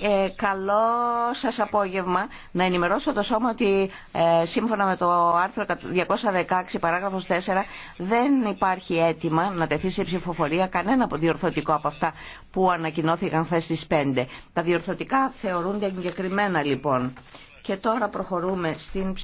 Ε, καλό σας απόγευμα. Να ενημερώσω το σώμα ότι ε, σύμφωνα με το άρθρο 216 παράγραφος 4 δεν υπάρχει αίτημα να τεθεί σε ψηφοφορία κανένα διορθωτικό από αυτά που ανακοινώθηκαν χθε στις 5. Τα διορθωτικά θεωρούνται εγκεκριμένα λοιπόν. Και τώρα προχωρούμε στην